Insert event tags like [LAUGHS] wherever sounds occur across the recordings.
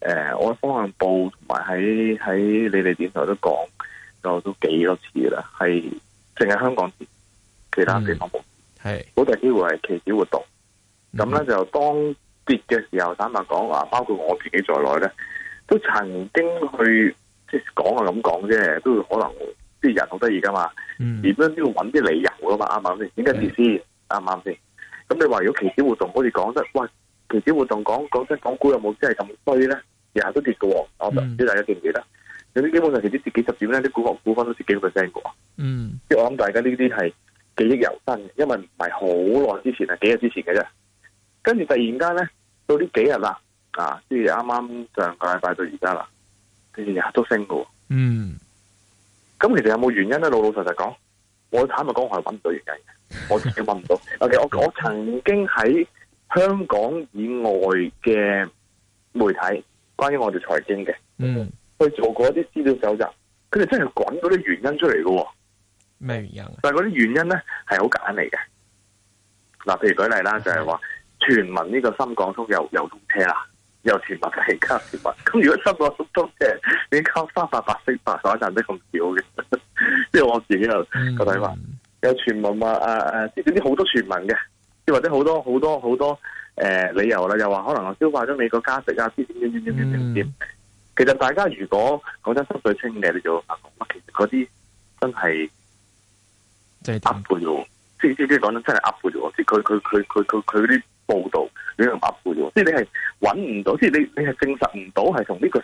誒、呃，我嘅方向報同埋喺喺你哋電台都講就都幾多次啦，係淨係香港跌，其他地方冇係好大機會係期指活動。咁、mm. 咧就當跌嘅時候，坦白講啊，包括我自己在內咧，都曾經去即係講啊咁講啫，都可能啲、就是、人好得意噶嘛。點樣都要揾啲理由噶嘛，啱啱先？點解跌先？啱啱先？咁你話如果期指活動好似講得，喂、呃，期指活動講講真這麼呢，港股有冇真係咁衰咧？日日都跌嘅，我唔知大家記唔記得？有、mm. 啲基本上其實跌幾十點咧，啲股學股份都跌幾個 percent 嘅。嗯，即、mm. 係我諗大家呢啲係記憶猶新，因為唔係好耐之前啊，係幾日之前嘅啫。跟住突然間咧，到呢幾日啦，啊，即係啱啱上個禮拜到而家啦，跟住日日都升嘅。嗯，咁其實有冇原因咧？老老實實講，我坦白講，我係搵唔到原因嘅，我自己搵唔到。 [LAUGHS] o、okay, K，我我曾經喺香港以外嘅媒體。關於我哋財經嘅，嗯，去做過一啲資料搜集，佢哋真係講到啲原因出嚟嘅，咩原因，啊？但係嗰啲原因咧係好簡單嚟嘅。嗱，譬，啊、如舉例啦，是就係、是、話傳聞呢個深港通又又通車啦，又傳聞係加傳聞。咁如果深港通通嘅，你交三百八百升百，所賺得咁少嘅，即係 [LAUGHS] 我自己又個睇法。有傳聞話啊啊，呢啲好多傳聞嘅，亦或者好多好多好多。很多很多誒、呃，理由啦，又話可能我消化咗美國加息啊，啲點點點點點點。其實大家如果講真心水清嘅，你就發覺其實嗰啲真係，即係呃背咗，即係即係講真，真係呃背咗。即係佢佢佢佢佢佢啲報道，呢樣呃背咗。即係你係搵唔到，即係你你係證實唔到係同呢個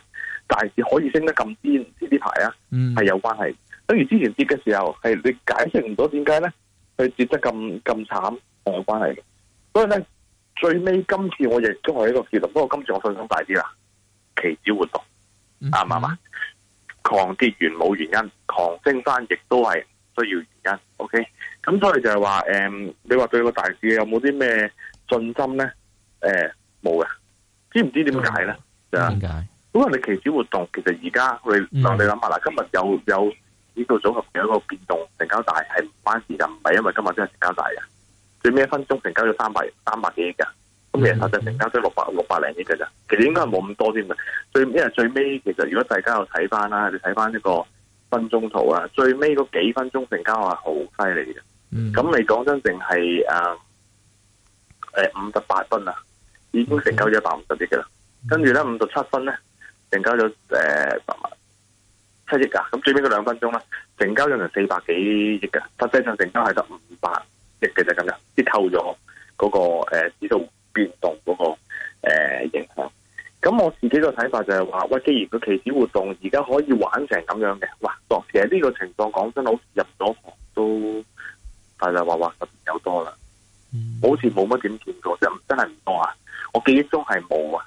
大市可以升得咁癲呢啲牌啊，係有關係。等、嗯、於之前跌嘅時候，係你解釋唔到點解咧，佢跌得咁咁慘，係有關係嘅。所以咧。最尾今次我亦都係一個事實，不過今次我信心大啲啦。期指活動，啱唔啱啊？狂跌完冇原因，狂升翻亦都係需要原因。OK，咁所以就係話，誒、嗯，你話對個大市有冇啲咩信心咧？誒、嗯，冇嘅。知唔知點解咧？點、嗯、解？咁為你期指活動，其實而家你哋，我諗下嗱，今日有有呢、這個組合嘅一個變動，成交大係唔關事噶，唔係因為今日真係成交大嘅。最尾一分鐘成交咗三百三百幾億嘅，咁其實實際成交咗六百六百零億嘅咋，其實應該係冇咁多添嘅。最因為最尾其實如果大家有睇翻啦，你睇翻呢個分鐘圖啊，最尾嗰幾分鐘成交係好犀利嘅。咁、mm -hmm. 你講真淨係誒誒五十八分啊，已經成交咗一百五十億嘅啦。跟住咧五十七分咧成交咗誒萬七億㗎。咁、呃、最尾嗰兩分鐘咧成交咗成四百幾億嘅，實際上成交係得五百。嘅就今、是、樣即扣咗嗰個誒、呃、指導、變動嗰、那個誒影響。咁、呃、我自己個睇法就係話，喂，既然佢期指活動而家可以玩成咁樣嘅，哇！其實呢個情況講真，好似入咗房都係就話話十有多啦。嗯、好似冇乜點見過，就真係唔多啊！我記憶中係冇啊。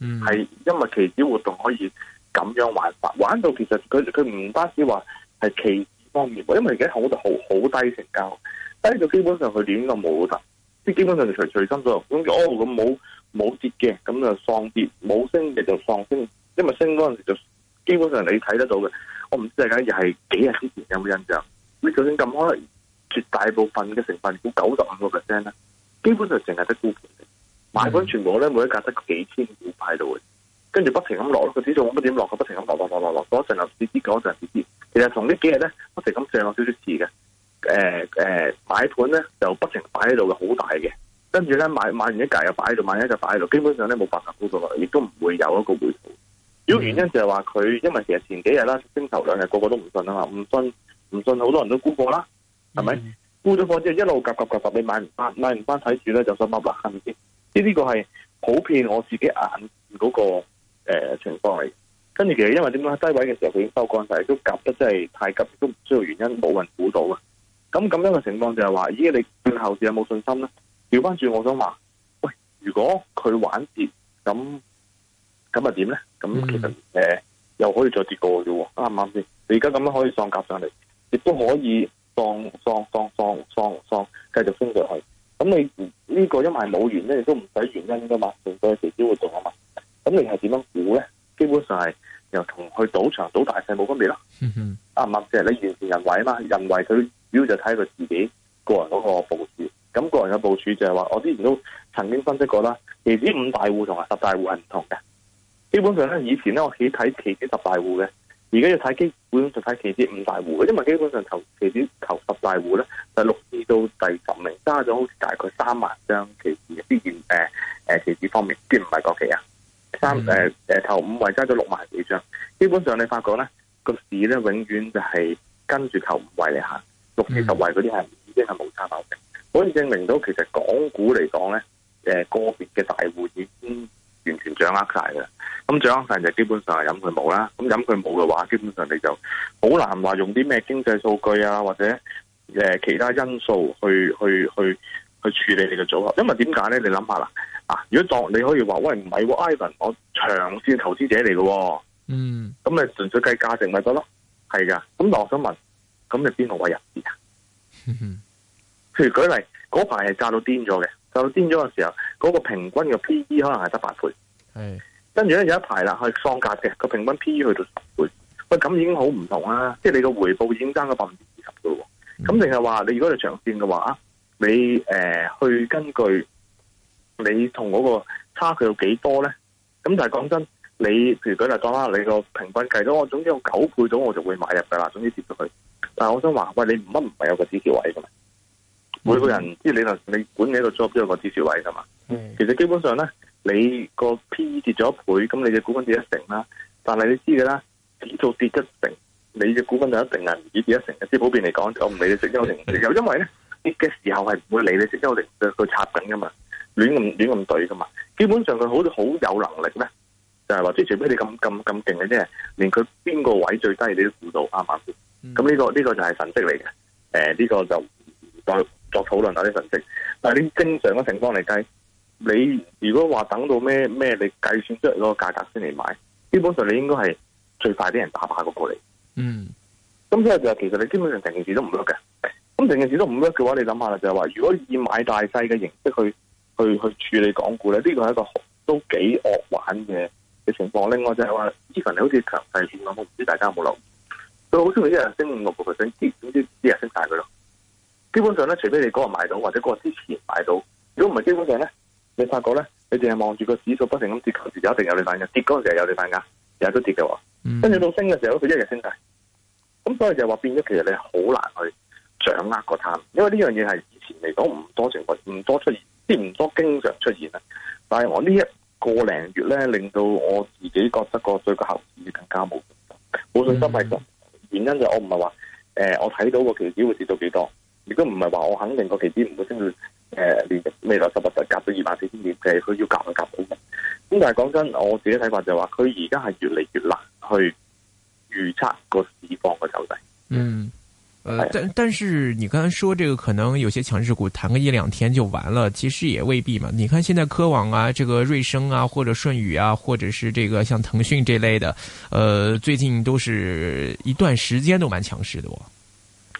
嗯，係因為期指活動可以咁樣玩法，玩到其實佢佢唔單止話係期指方面，因為而家好好好低成交。呢個基本上佢點都冇得，即係基本上就隨隨心所欲。咁之哦，咁冇冇跌嘅，咁就喪跌；冇升嘅就喪升。因為升嗰陣時就基本上你睇得到嘅。我唔知大家又係幾日之前有冇印象？你就算撳開，絕大部分嘅成分股九十五個 percent 啦，基本上成日得沽盤嘅。買盤全部咧，每一隻得幾千股擺到嘅，跟住不停咁落咯。個指數不斷落，不停咁落落落落落，成日跌跌，咗一跌跌。其實同呢幾日咧，不停咁上落少少字嘅。誒、呃、誒、呃，買盤咧就不停擺喺度嘅，好大嘅。跟住咧買買完一格又擺喺度，買完一格擺喺度，基本上咧冇白鴿估到咯，亦都唔會有一個回吐。主、mm、要 -hmm. 原因就係話佢因為其實前幾日啦、啊，升頭兩日個個都唔信啊嘛，唔信唔信好多人都沽過啦，係咪沽咗貨之後一路夾夾夾夾，你買唔翻買唔翻睇住咧就三百八，先？呢呢個係普遍我自己眼嗰個誒情況嚟。跟住其實因為點樣，低位嘅時候佢已經收乾晒，都夾得真係太急，都唔需要原因冇人估到啊。咁咁樣嘅情況就係話，咦？你對後市有冇信心咧？調翻轉，我想話，喂，如果佢玩跌，咁咁啊點咧？咁其實誒、mm -hmm. 呃、又可以再跌過嘅喎，啱唔啱先？你而家咁樣可以喪甲上夾上嚟，亦都可以喪喪喪喪喪喪繼續升上去。咁你呢、這個一萬冇完咧，你都唔使原因噶嘛，純粹隨機活做啊嘛。咁你係點樣估咧？基本上係又同去賭場賭大細冇分別咯。啱唔啱先？你完全認為啊嘛，認為佢。主要就睇佢自己個人嗰個部署，咁個人嘅部署就係話，我之前都曾經分析過啦。期指五大戶同埋十大戶係唔同嘅，基本上咧，以前咧，我起睇期指十大戶嘅，而家要睇基本就睇期指五大戶，因為基本上頭期指頭十大戶咧，就是、六至到第十名揸咗，好似大概三萬張期指。呢件誒誒期指方面，啲唔係個幾啊？三誒誒頭五位揸咗六萬幾張，基本上你發覺咧，個市咧永遠就係跟住頭五位嚟行。六七十位嗰啲係已經係冇參考嘅。可以證明到其實港股嚟講咧，誒個別嘅大戶已經完全掌握晒啦。咁掌握晒就基本上係飲佢冇啦。咁飲佢冇嘅話，基本上你就好難話用啲咩經濟數據啊，或者誒其他因素去去去去處理你嘅組合。因為點解咧？你諗下啦，啊，如果你可以話喂唔係喎，Ivan，我長綫投資者嚟嘅，嗯，咁咪純粹計價值咪得咯？係噶，咁我想問。咁你邊個位入市啊？譬 [NOISE] [NOISE] 如舉例嗰排係炸到癲咗嘅，炸到癲咗嘅時候，嗰、那個平均嘅 P E 可能係得八倍。係跟住咧有一排啦，去放價嘅，個平均 P E 去到十倍。喂，咁已經好唔同啦，即係你個回報已經爭咗百分之二十噶喎。咁定係話你如果你長線嘅話，你誒、呃、去根據你同嗰個差距有幾多咧？咁但係講真，你譬如舉例講啦，你個平均計咗，我總之有九倍到我就會買入噶啦，總之跌咗去。但係我想話，喂，你唔乜唔係有個止蝕位噶嘛？每個人即係你啦，你管理一個 job 都有個止蝕位噶嘛、嗯？其實基本上咧，你個 PE 跌咗一倍，咁你嘅股份跌一成啦。但係你知噶啦，指數跌一成，你嘅股份就一定係唔止跌一成嘅。即普遍嚟講，我唔理你升優升，又因為咧跌嘅時候係唔會理你升優升，佢插緊噶嘛，亂咁亂咁懟噶嘛。基本上佢好好有能力咧，就係話除非你咁咁咁勁嘅啫，連佢邊個位最低你都估到，啱唔啱？咁、嗯、呢、這個呢、這個就係信息嚟嘅，誒、呃、呢、這個就再作討論嗰啲信息。但係你正常嘅情況嚟計，你如果話等到咩咩，什麼你計算出嚟嗰個價格先嚟買，基本上你應該係最快啲人打敗過過嚟。嗯，咁即係話其實你基本上成件事都唔叻嘅。咁成件事都唔叻嘅話，你諗下啦，就係話如果以買大細嘅形式去去去處理港股咧，呢、這個係一個都幾惡玩嘅嘅情況。另外就係話呢群你好似強勢啲咁，我唔知大家有冇留我好中意一日升五六個 percent，跌呢啲一日升晒佢咯。基本上咧，除非你嗰日買到或者嗰日之前買到，如果唔係，基本上咧，你發覺咧，你淨係望住個指數不停咁跌，求其就一定有你反壓，跌嗰陣時有你反壓，日日都跌嘅。跟住到升嘅時候，佢一日升晒。咁所以就話變咗，其實你好難去掌握個攤，因為呢樣嘢係以前嚟講唔多情況，唔多出現，即唔多經常出現啦。但係我呢一個零月咧，令到我自己覺得個對個後市更加冇冇信心係原因就我唔係話，誒，我睇到個期指會跌到幾多？亦都唔係話，我肯定個期指唔會升到，誒，未來十八十夾到二萬四千點，佢要夾咪夾到？咁但係講真，我自己睇法就係話，佢而家係越嚟越難去預測個市況嘅走勢。嗯。呃，但但是你剛才說這個可能有些強勢股談個一兩天就完了，其實也未必嘛。你看現在科網啊，這個瑞聲啊，或者舜宇啊，或者是這個像騰訊這類的，呃，最近都是一段時間都蠻強勢的哦。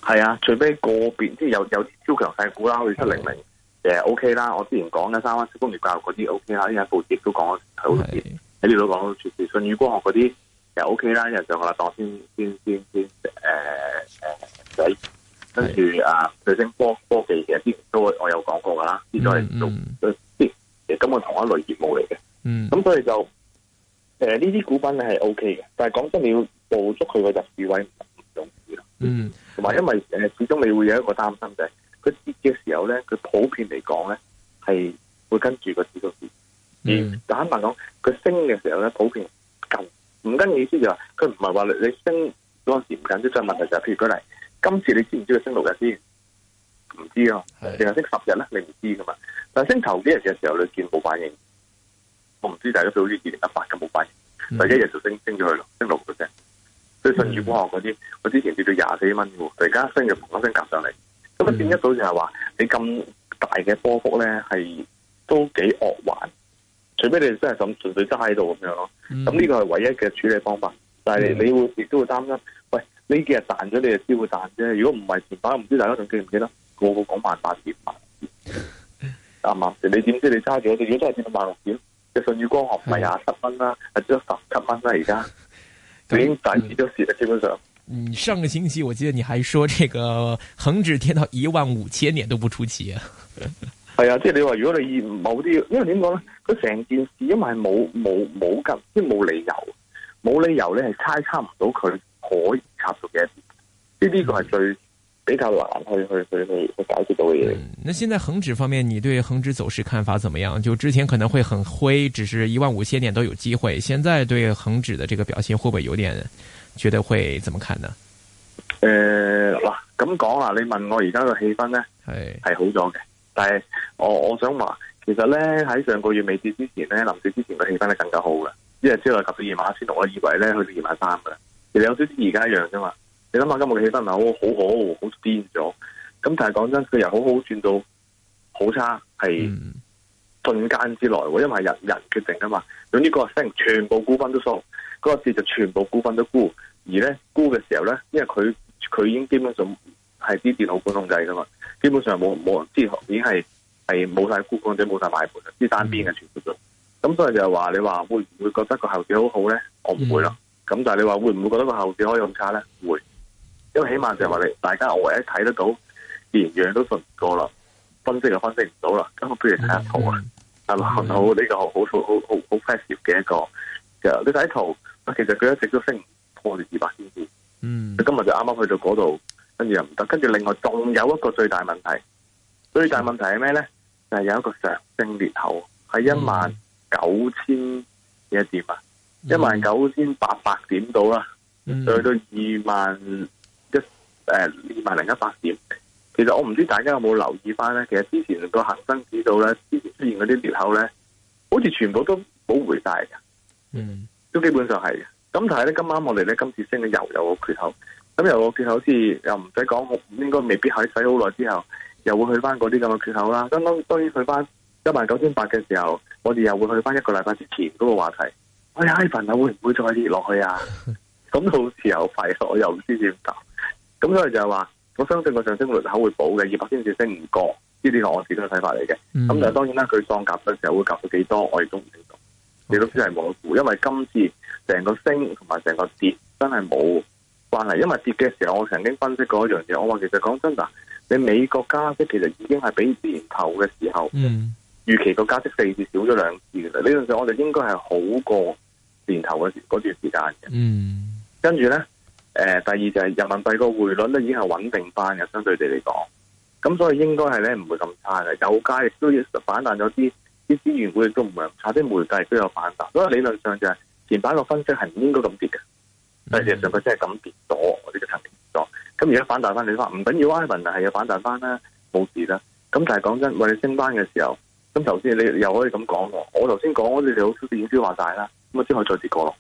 係啊，除非、啊、個別即係有有超強勢股啦，好似七零零 OK 啦。我之前講嘅三灣工業教育嗰啲 OK 啦，因一部分亦都講咗，係好似喺呢度講到爵士、舜宇光學嗰啲又 OK 啦，又上個禮拜先先先先誒誒。呃呃仔 [MUSIC] 跟住啊，最新科科技嘅，其實之前都有我有講過噶啦，呢種係做即係根本同一類業務嚟嘅。咁、mm -hmm. 所以就誒呢啲股份係 O K 嘅，但係講真的你要捕捉佢個入市位唔容易咯。嗯，同、mm、埋 -hmm. 因為誒、呃、始終你會有一個擔心就係佢跌嘅時候咧，佢普遍嚟講咧係會跟住個市度跌。而簡單嚟講，佢升嘅時候咧、mm -hmm.，普遍咁唔跟意思就係佢唔係話你升嗰陣時唔跟，即係問題就係譬如舉例。今次你知唔知佢升六日先？唔知啊，定係升十日咧？你唔知噶嘛但係升頭幾日嘅時候你見冇反應，我唔知大家好似二零一八咁冇反應，第、嗯、一日就升升咗去咯，升六 percent 信譽科學嗰啲，我之前跌到廿四蚊突然間，升咗重新升價上嚟。咁啊變一到就係話，嗯，你咁大嘅波幅咧，係都幾惡玩。除非你真係咁純粹揸喺度咁樣咯，咁、嗯、呢個係唯一嘅處理方法。但係你會亦、嗯、都會擔心。呢幾日彈咗你就知會彈啫。如果唔係前排唔知大家仲記唔記得，個個講萬八點、萬八點。啊 [LAUGHS] 嘛，你點知你揸住我哋？如果揸住萬六點，就信譽光學唔係廿七蚊啦，係跌咗十七蚊啦。而家已經賺少咗蝕啦，基本上。嗯，上個星期我記得你還說，這個恒指跌到一萬五千年都不出奇。啊。 [LAUGHS] 係啊，即係你話如果你以某啲，因為點講咧，佢成件事因為冇冇冇根，即係冇理由，冇理由你係猜測唔到佢可。嘅呢呢個係最比較難去去去去去解決到嘅嘢。嗯，那現在恒指方面，你對恒指走勢看法怎麼樣？就之前可能會很灰，只是一萬五千點都有機會。現在對恒指的這個表現，會不會有點覺得會怎麼看呢？誒、嗯，嗱，咁講啊，你問我而家個氣氛咧，係係好咗嘅。但係我我想話，其實咧喺上個月尾段之前咧，臨尾之前嘅氣氛咧更加好嘅，因為之後及到二萬一千，我以為咧去到二萬三嘅。其實有少少而家一樣啫嘛。你諗下今日嘅氣氛係好好好好癲咗。咁但係講真，佢由好好轉到好差，係瞬間之內，因為係人人決定啊嘛。用呢個聲，全部股份都縮，嗰、那個跌就全部股份都沽。而咧沽嘅時候咧，因為佢佢已經基本上係啲電腦股控制噶嘛，基本上冇冇人知，之已經係係冇晒沽股或者冇晒買盤，啲單邊嘅全部都。咁所以就係話，你話會唔會覺得個後市好好咧？我唔會啦。 [NOISE] 咁但係你話會唔會覺得個後市可以咁差咧？會，因為起碼就係話你大家我唯一睇得到，連樣都信唔過啦，分析就分析唔到啦。咁我不如睇下圖啊，係、mm、嘛 -hmm. mm -hmm.？好呢個好好好好 fast 嘅一個，就你睇圖，其實佢一直都升破咗二百先至。嗯，mm -hmm. 今日就啱啱去到嗰度，跟住又唔得，跟住另外仲有一個最大問題，最大問題係咩咧？就係、有一個上升裂口係一萬九千幾一點啊。一萬九千八百點到啦，去到二萬一誒二萬零一百點。其實我唔知大家有冇留意翻咧，其實之前個恒生指數咧，之前出現嗰啲缺口咧，好似全部都冇回帶嘅，嗯、mm.，都基本上係嘅。咁但係咧，今晚我哋咧，今次升嘅又有個缺口，咁有個缺口，好似又唔使講，應該未必喺使好耐之後，又會去翻嗰啲咁嘅缺口啦。咁當當然去翻一萬九千八嘅時候，我哋又會去翻一個禮拜之前嗰個話題。我有啲朋友會唔會再跌落去啊？咁到時候費，我又唔知點答。咁所以就係話，我相信個上升門口會補嘅，二百先至升唔過。呢啲係我自己嘅睇法嚟嘅。咁、mm -hmm. 但係當然啦，佢當夾嘅時候會夾到幾多，我亦都唔知道。你都知係冇得估，因為今次成個升同埋成個跌真係冇關係。因為跌嘅時候，我曾經分析過一樣嘢，我話其實講真嗱，你美國加息其實已經係比年頭嘅時候預期、mm -hmm. 個加息四次少咗兩次嘅。呢樣嘢我哋應該係好過。年頭嗰段時間嘅、嗯，跟住咧，誒、呃，第二就係人民幣個匯率咧已經係穩定翻嘅，相對地嚟講，咁所以應該係咧唔會咁差嘅。油價亦都要反彈咗啲，啲資源股亦都唔係咁差，啲煤價亦都有反彈。所以理論上就係、是、前排個分析係唔應該咁跌嘅、嗯這個，但實際上佢真係咁跌咗，我哋就層面唔錯。咁而家反彈翻你翻，唔緊要 Ivan 啊，雲係有反彈翻啦，冇事啦。咁但係講真，喂，你升翻嘅時候，咁頭先你又可以咁講喎。我頭先講好似你好少變書話晒啦。咁啊，先可以再次過咯。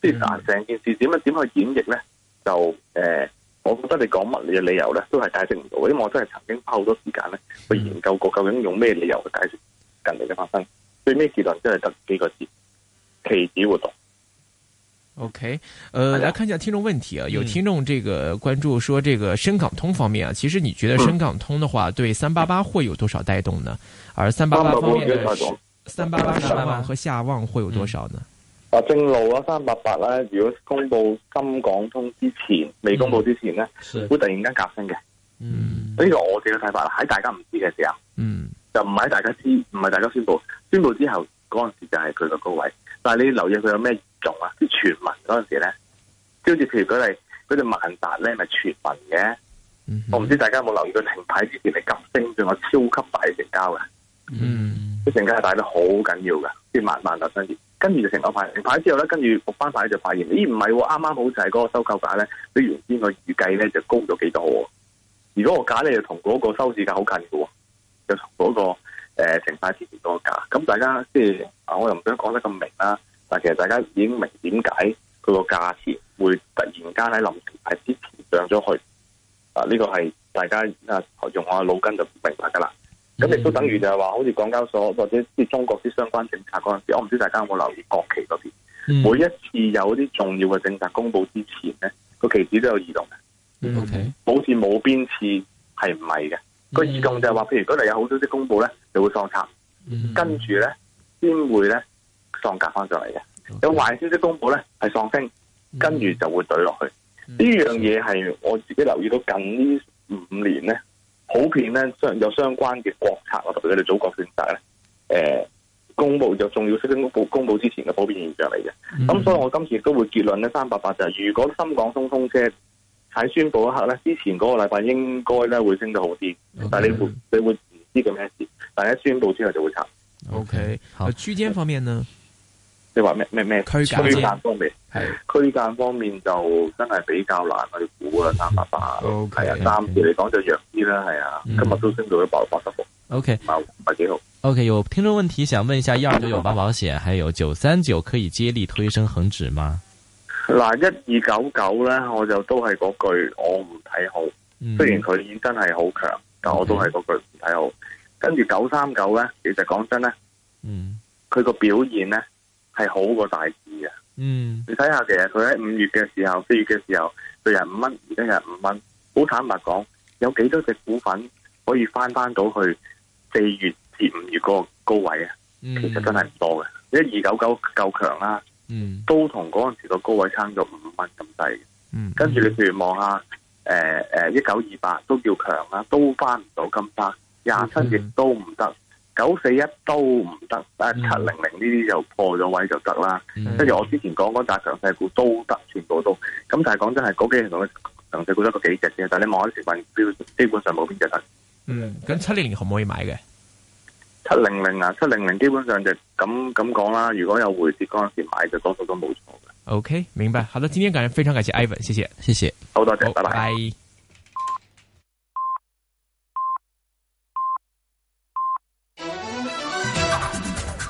即係成成件事點樣點去演繹咧，就誒、呃，我覺得你講乜嘅理由咧，都係解釋唔到。因為我真係曾經花好多時間咧去研究過，究竟用咩理由去解釋近嚟嘅發生？最尾結論真係得幾個字：期指活動。OK，誒、uh, 哎呃，來看一下聽眾問題啊。有聽眾這個關注說，這個深港通方面啊，其實你覺得深港通的話，對三八八會有多少帶動呢？而三、嗯嗯嗯、八八三八八上望和下望會有多少呢？啊、嗯嗯，正路啦，三八八咧。如果公布深港通之前，未公布之前呢、嗯，會突然間急升嘅。嗯、呢、這個我哋嘅睇法啦。喺大家唔知嘅時候，嗯，就唔係大家知，唔係大家宣布，宣布之後嗰陣時就係佢嘅高位。但係你留意佢有咩異常啊，啲傳聞嗰陣時即好似譬如佢哋，嗰隻萬達呢咪傳聞嘅。我唔知大家有冇留意佢停牌之前係急升，仲有超級大成交嘅。嗯。嗯成間係擺得好緊要嘅，即係萬萬達商業。跟住就停牌，停牌之後咧，跟住復翻牌就發現，咦唔係，啱啱、啊、好就係嗰個收購價咧，比原先個預計咧就高咗幾多。而嗰個價咧就同嗰個收市價好近嘅，就同嗰、那個呃、停牌之前嗰個價。咁大家即係啊，我又唔想講得咁明啦、啊，但其實大家已經明點解佢個價錢會突然間喺臨停牌之前上咗去。啊，呢、這個係大家啊用我嘅腦筋就明白噶啦。咁亦都等於就係話，好似港交所或者中國啲相關政策嗰邊，我唔知大家有冇留意國期嗰邊。Mm -hmm. 每一次有啲重要嘅政策公布之前咧，個期指都有異動嘅。嗯、mm，保持冇邊次係唔係嘅，個異動就係話，譬如嗰度有好消息公布咧，就會喪插、mm -hmm. okay.，跟住咧先會咧喪格翻上嚟嘅。有壞消息公布咧，係喪升，跟住就會懟落去。呢、mm -hmm. 樣嘢係我自己留意到近呢五年咧。普遍咧相有相關嘅國策，我特別係我哋祖國政策咧，誒、呃，公布就重要，適應公佈公布之前嘅普遍現象嚟嘅。咁、嗯、所以，我今次都會結論咧，三百八就係如果深港通通車喺宣布一刻咧，之前嗰個禮拜應該咧會升得好啲，okay. 但係你會你會唔知咁樣事，但係一宣布之後就會拆。O、okay. K，好。區間方面呢？嗯你話咩咩咩區間方面係區，區間方面就真係比較難去估啊，三百八係啊，暫時嚟講就弱啲啦，係啊、嗯，今日都升到一百八十個，OK，唔係幾好。OK，有、okay, 聽眾問題想問一下，一二九九八保險，還有九三九可以接力推升恒指嗎？嗱，一二九九咧，我就都係嗰句，我唔睇好。雖然佢真係好強，但我都係句唔睇好。跟住九三九咧，其實講真咧，嗯，佢、okay. 個、嗯、表現咧。係好過大市嘅，嗯，你睇下其實佢喺五月嘅時候，四月嘅時候，一人五蚊，而一日五蚊，好坦白講，有幾多隻股份可以翻翻到去四月至五月嗰個高位啊？其實真係唔多嘅，一二九九夠強啦，嗯，都同嗰陣時個高位差咗五蚊咁細，嗯，跟住你譬如望下，誒誒一九二八都叫強啦，都翻唔到咁多，廿七亦都唔得。九四一都唔得，誒七零零呢啲就破咗位就得啦。跟、嗯、住我之前講嗰紮強勢股都得，全部都。咁但係講真，係嗰幾隻同啲強勢股得個幾隻先，但係你望下時份標，基本上冇邊隻得。嗯，咁七零零可唔可以買嘅？七零零啊，七零零基本上就咁咁講啦。如果有回跌嗰陣時買，就多數都冇錯嘅。O、okay, K，明白。好啦，今天感謝非常感謝 Ivan，謝謝，謝謝，好多謝，拜拜。Bye bye